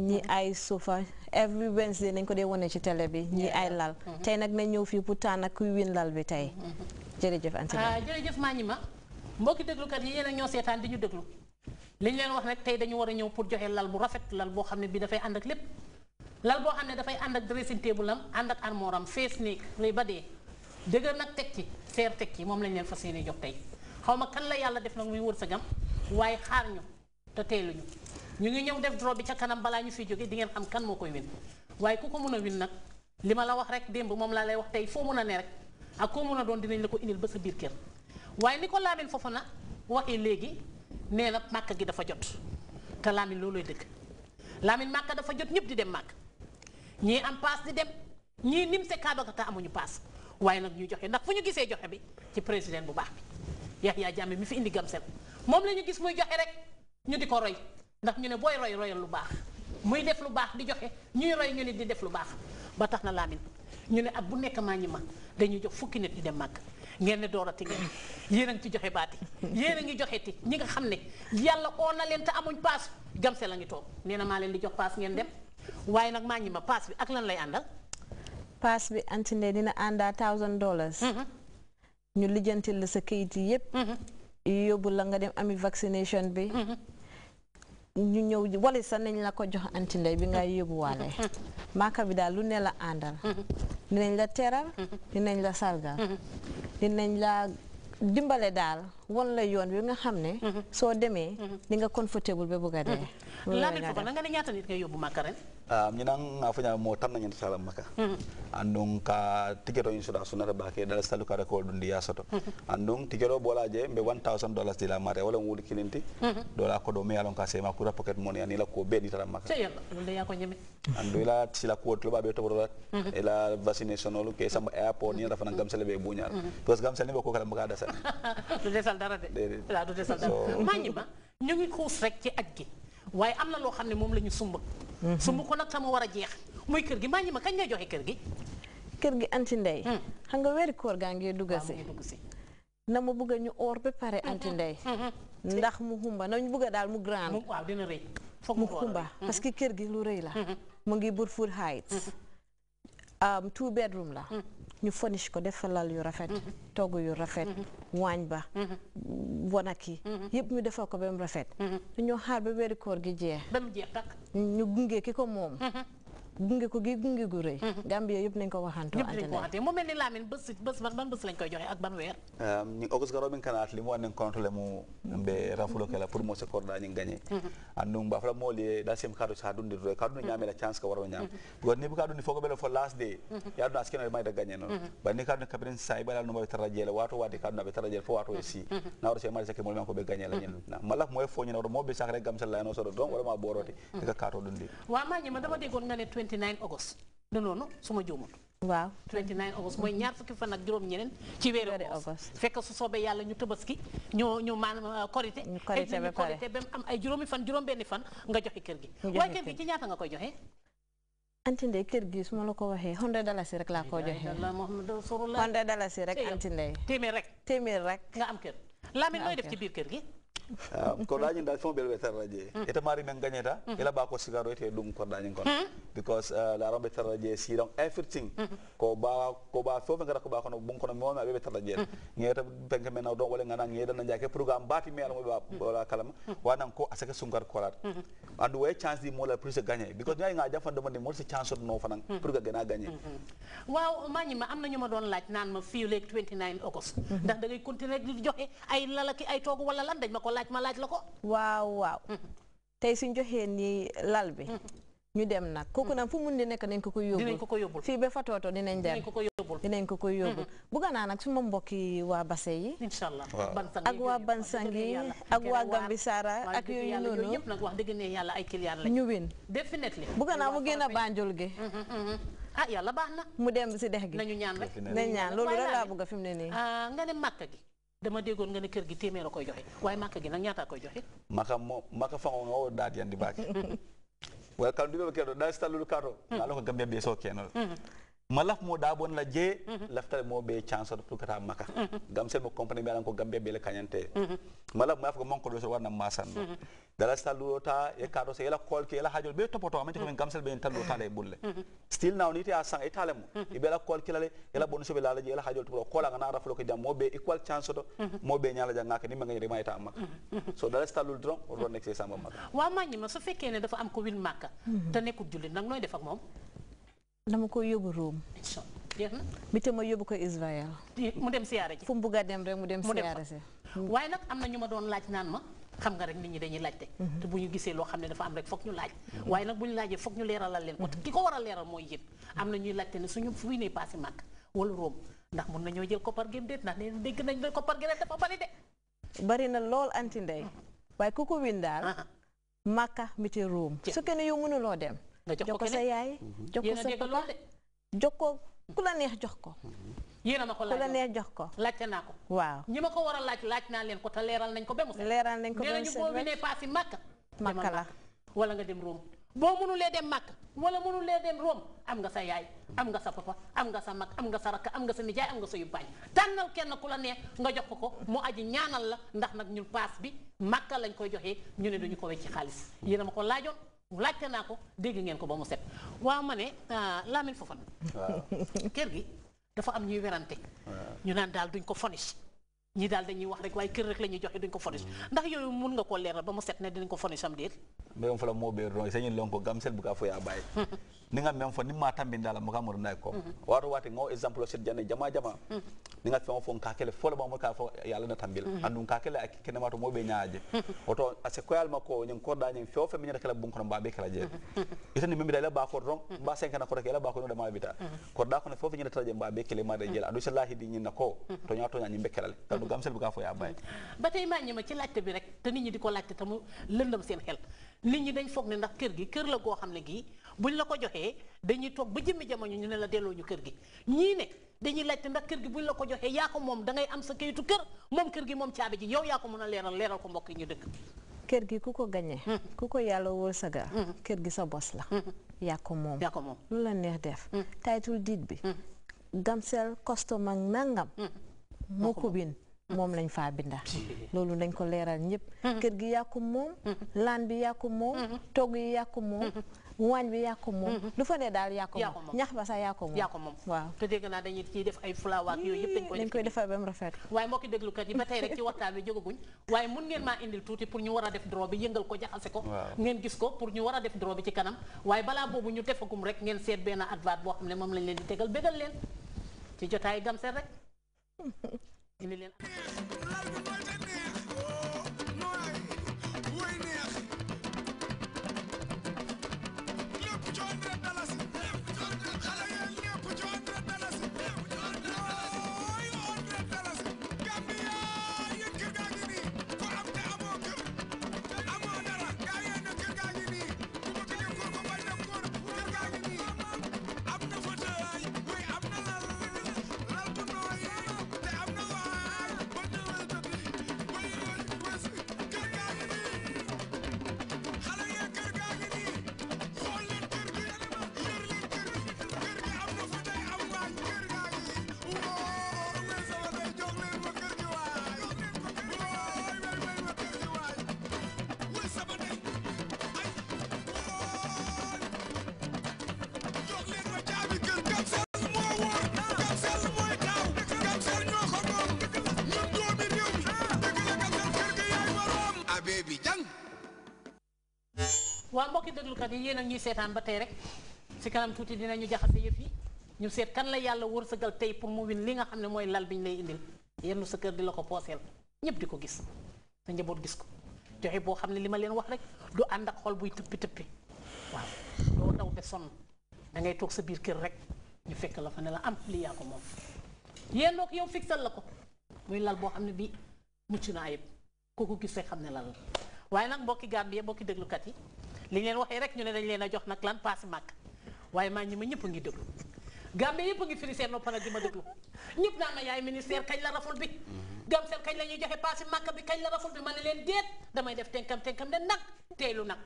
ñi ah. ay sofa every Wednesday nañ ko dee wone ci tele bi ñi ay lal mm-hmm. tey nag nañ ñëw fii pour tànn kuy win lal bi tey mm-hmm. jërëjëf Anta ah, jërëjëf maa ñi ma mbokki déglukat yi yéen a ñoo seetaan di ñu déglu li ñu leen wax nag tey dañu war a ñëw pour joxe lal bu rafet lal boo xam ne bi dafay ànd ak lépp lal boo xam ne dafay ànd ak dressing table am ànd ak armoire am fees néeg rëy ba dee dëgër nag teg ci seer teg ci moom lañ leen fa yéene jox tey xaw la yàlla def nag muy wër sa ñu ngi ñëw def draw bi ca kanam balaa ñu fi jógee di ngeen xam kan moo koy win waaye ku ko mën a win nag li ma la wax rek démb moom laa lay wax tey foo mën a ne rek ak koo mën a doon dinañ la ko indil ba sa biir kër waaye ni ko Lamine Fofana waxee léegi nee na màkk gi dafa jot te Lamine loolooy dëgg làmmin màkka dafa jot ñëpp di dem màkk ñii am paas di dem ñii nim se kaaba amuñu paas waaye nag ñu joxe ndax fu ñu gisee joxe bi ci président bu baax bi Yahya Jammeh mi fi indi Gamcel moom la ñu gis muy joxe rek ñu di ko roy ndax ñu ne booy roy royal lu baax muy def lu baax di joxe ñuy roy ñu ne di def lu baax ba tax na laamin ñu ne at bu nekk maa ñi ma dañuy jox fukki nit ñu dem màgg ngeen ne doorati ngeen yéen a ci joxe baati yéen a ngi ti ñi nga xam ne yàlla oo na leen te amuñ paas gamse la ngi toog nee na maa leen di jox paas ngeen dem waaye nag maa ñi ma paas bi ak lan lay àndal paas bi antinde dina àndaa thousand dollars mhm. ñu lijjantil la sa kayit yi yëpp mhm. yóbbu la nga dem ami vaccination bi mhm. ñu ñëw wala sa nañ la ko jox anti ndey bi nga yóbbuwaale mm-hmm. maaka bi daal lu ne la àndal mm-hmm. dinañ la teral mm-hmm. dinañ la sargal dinañ la dimbale daal wan la yoon bi nga xam ne soo demee ni nga confortable ba bëgg a dee laa bi foofu nga ne ñaata nit nga yóbbu maaka ren Ah, minang afanya ya, mo tan nyen salam maka hmm. andon ka tiketo in suda sunata bake dal salu ka rekol dun diya soto hmm. andon tiketo bola je be 1000 dollars dila mare ya, wala wudi kilinti hmm. dola ko do me alon ka sema kura pocket money ani la ko be di salam maka sey yalla ya ko nyeme ando ila sila ko ba be to bola ila vaccination lu ke sam airport ni rafa ngam sele be bunyal parce gam sele be ko kala maka da sa do sal dara de la do sal dara manyima ñu ngi ko rek ci adge waye amna lo xamne mom lañu sumbu sumb ko nag tama war a jeex mooy kër gi maa ñi ma kañ ngay joxe kër gi kër gi anti ndey hmm. xam nga weri koor gaa ngee dugga si na ma bëgg ñu oor ba pare hmm, anti hmm, ndey ndax mu xumba na ñu bëgg daal mu grand waaw dina rëy foog mu xumba parce que kër gi lu rëy la mu ngi Brufut Heights um, two bedroom la ñu fonish ko def lal yu rafet mhm. togg yu rafet mhm. waañ ba mhm. wanak yi yëpp ñu defal ko ba rafet rafet ñoo xaar ba weeri koor gi jeex ñu gunge ki ko moom gunge ko gi gunge gu rëy. Mhm. Gambia yëpp nañ ko waxantoo. ñëpp nañ ko waxantee mu mel ni Lamine bés bés ban ban bés lañ koy joxe ak ban weer. ñi August garo min kanat limi wannen contrôlé mu mbe rafulo kala pour mo se korda ñi gagné mhm. andum ba fala mo le da sem kadu sa dundi do kadu ñame la chance ka waro ñam mhm. go ne bu kadu ni fogo bele fo last day ya do askena may da gagné non ba ni kadu kabren say bala no mo tara jele wato wadi kadu na be tara jele fo wato si na waro se mari se ke mo ko be gagné la ñen na malak moy fo ñen waro mo be sakre gam sala no so do don wala ma boroti ka kato dundi wa ma ñi ma dama déggon nga ne 29 August du noonu su ma juumul waaw 29 august mooy ñaar fukki fan ak juróom-ñeneen ci weeru august fekk su soobee yàlla ñu tëbaski ñu ñu maanaam euh, korite korite ba pare korite ba mu am ay juróomi fan juróom-benni fan nga joxe kër gi waaye kër gi ci ñaata nga koy joxe antinde kër gi su ma la ko waxee hundred dalasi rek laa ko joxe hundred dalasi rek antinde téeméer rek téeméer rek nga am kër Lamine nooy def ci biir kër gi Ah, koɗa ñin dal fimo ɓel ɓe tarraje ete mm. mari men gagnata mm-hmm. ila ɓa ko sigaro ete ɗum koɗa ñin kono because ah, laron ɓe tarraje si donc everything mm-hmm. ko ɓa ko ɓa fofe gata ko ɓa kono bon kono mewme aɓe ɓe tarraje ñeeta mm-hmm. penke men naw don a sake sungar kolat andu am na ñu ma doon laaj naan ma fii léegi august ndax da continuer di joxe ay lalaki ay toogu walla lan dañ ma ko laaj ma laaj la ko waaw waaw tey suñ joxee nii lal bi ñu dem nag kooku nag fu mun di nekk nañ ko koy yóbbul dinañ ko koy yóbbul fii ba fa tooto dinañ dem dinañ ko koy yóbbul bugga naa nag suma mbokki waa base yi inshallah ak waa bansangi yi ak waa Gambisara ak yooyu noonu yëpp nag wax dëgg yàlla ay client lañ ñu win definitely bugga naa mu génn a Banjul gi mm-hmm, mm-hmm. Ah, baax na mu dem si dex gi nañu ñaan rek nañ loolu rek laa bëgg fi ne nii ah, gi dama déggoon nga ne kër gi téeméer a koy joxe waaye màkk gi nag ñaata koy joxe maka mo maka fango nga wo daat yandi baake wala kam duɓe ɓe keɗo ɗa so talluɗo kato ala ko gambia ɓe so kenol malaf mo daabon la jee laftale mo be chance to mhm. kata maka gam sel mo company be alan ko gambe be le kanyante malaf mo afko monko do so warna masando dala saluota e kado se ela kol ke ela hajol be ko gamsel be tallo tale bulle still ma ngani remayta maka dafa am ko wil maka mhm. te nekku julli nak noy def ak dama koy yóbbu Rome. jeex na bi te ma yóbbu ko Israël. mu dem siyaare ji fu mu bugg a dem rek mu dem. siyaare si mm. waaye nag am na ñu ma doon laaj naan ma xam nga rek nit ñi dañuy laajte. Mm-hmm. te bu ñu gisee loo xam ne dafa am rek foog ñu laaj. Mm-hmm. waaye nag bu ñu laajee foog ñu leeralal leen mm-hmm. ki ko war a leeral mooy yéen. am na ñuy laajte ne suñu fu ne passé màgg wala Rome ndax mun nañoo jël koppar gi déet ndax nee dégg nañ ne koppar gi rek dafa bari de. bari na lool anti ndey mm. waaye ku ko win daal. màkka mi te Rome. su kenn yow mënuloo dem nga jox ko sa yaay jox ko sa papa jox ko ku la neex jox ko yéen a ma ko ku la neex jox ko laajte naa ko waaw ñi ma ko war a laaj laaj naa leen ko leeral nañ ko ba mu set leeral nañ ko ba mu set boo winee paas yi wala nga dem Rome boo mënulee dem màkk wala mënulee dem Rome am nga sa yaay am nga sa papa am nga sa mag am nga sa rakk am nga sa nijaay am nga sa yubbaay tànnal kenn ku la neex nga jox ko ko mu aji ñaanal la ndax nag ñu paas bi màkk lañ koy joxee ñu ne duñu ko wecc ci xaalis yéen a ko laajoon laajte naa ko dégg ngeen ko ba mu set waa ma ne euh, Lamine Fofana kër gi dafa am ñuy werante ñu naan daal duñ ko fonish ñi daal dañuy wax rek waaye kër rek la ñuy joxe duñ ko fonish ndax yooyu mun nga koo leer ba mu set ne dinañ ko fonish am déet mbéyum fa la moo beer doon sañin lon ko gam set bu kaa fo yaa bàyyi ni nga fo ni mata tambe la mo kamoro nay ko waro wati ngo example set jane jama jama ni nga fo fo ka kele fo ba mo ka fo yalla na tambila andu ka kele ak kene mato mo be nyaaje oto ase ko yalla mako nyen ko da nyen fofe min kala bun kono babe kala je ni membi la ba ko ron ba sen na ko kala ba ko no da ma bita ko da ko no fofe nyen tala je babe kele ma de jela adu sallahi di nyen nako to nyaato nyaa nyimbe kala kadu gamsel bu ka fo ya bay batay ma nyima ci latte bi rek te nit ñi di ko latte tamu lëndëm seen xel nit ñi dañ fogg ne ndax kër gi kër la go xamne gi buñ la ko joxee dañuy toog ba jëmmi jamono ñu ne la delloo ñu kër gi ñii ne dañuy laajte ndax kër gi buñ la ko joxee yaa ko moom dangay am sa kayitu kër moom kër gi moom caabi ji yow yaa ko mën a leeral leeral ko mbokk yi ñu dëkk kër gi ku ko gañee hmm. ku ko yàlla wërsëgal hmm. kër gi sa bos la hmm. yaa moom yaa moom lu la neex def title deed bi gamsel custom ak nangam moo ko bind moom lañ faa binda loolu dañ ko leeral ñëpp kër gi yaa ko moom laan bi yaa ko moom togg yi yaa moom waañ bi yaa moom mm-hmm. lu fa ne daal yaa ko moom ñax ba sax yaa ko moom yaa ko moom waaw te dégg naa dañuy ciy def ay fulawa ak yooyu yëpp dañ koy defar ba mu rafet waaye mbokki déglukat yi ba tey rek ci waxtaan bi jógaguñ waaye mun ngeen maa indil tuuti pour ñu war a def draw bi yëngal ko jaxase ko ngeen gis ko pour ñu war a def draw bi ci kanam waaye balaa boobu ñu defagum rek ngeen seet benn advert boo xam ne moom lañ leen di tegal bégal leen ci jotaay Gamcel rek indi leen waa mbokki déglukat yi yéen a ñuy seetaan ba tey rek si kanam tuuti dinañu jaxase yëpp yi ñu seet kan la yàlla wërsëgal tey pour mu win li nga xam ne mooy lal bi ñu lay indil yenn sa kër di la ko pooseel ñëpp di ko gis sa njaboot gis ko joxe boo xam ne li ma leen wax rek du ànd ak xol buy tëppi tëppi waaw doo daw da ngay toog sa biir kër rek ñu fekk la fa la am li ko moom yéen doog yow fixal la ko muy lal boo xam ne bi mucc na ayib kooku gisee xam ne la waaye nag mbokki Gambie mbokki déglukat yi li ñu waxee rek ñu ne dañ leen a jox nag lan paas màkk waaye maa ñi ma ñëpp ngi déglu Gambie yëpp a ngi firi seen noppal di ma déglu ñëpp naan ma yaay ministère kañ la raful bi gam kañ la ñuy joxe paas màkk bi kañ la raful bi ma ne leen déet damay def tenkam tenkam de nag teelu nag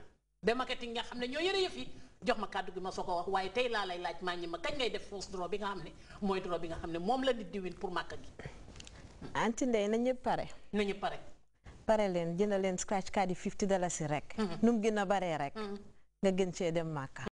ba marketing nga xam ne ñoo yëre yëf yi jox ma kàddu gi ma soo ko wax waaye tey laa lay laaj maa ñi ma kañ ngay def fausse draw bi nga xam ne mooy draw bi nga xam ne moom la nit di pour màkk gi anti ndey na ñëpp pare na ñëpp pare pare leen jënd leen scratch card yi fifty dalasi rek. Mm-hmm. nu mu gën a baree rek. Mm-hmm. nga gën cee dem màkka.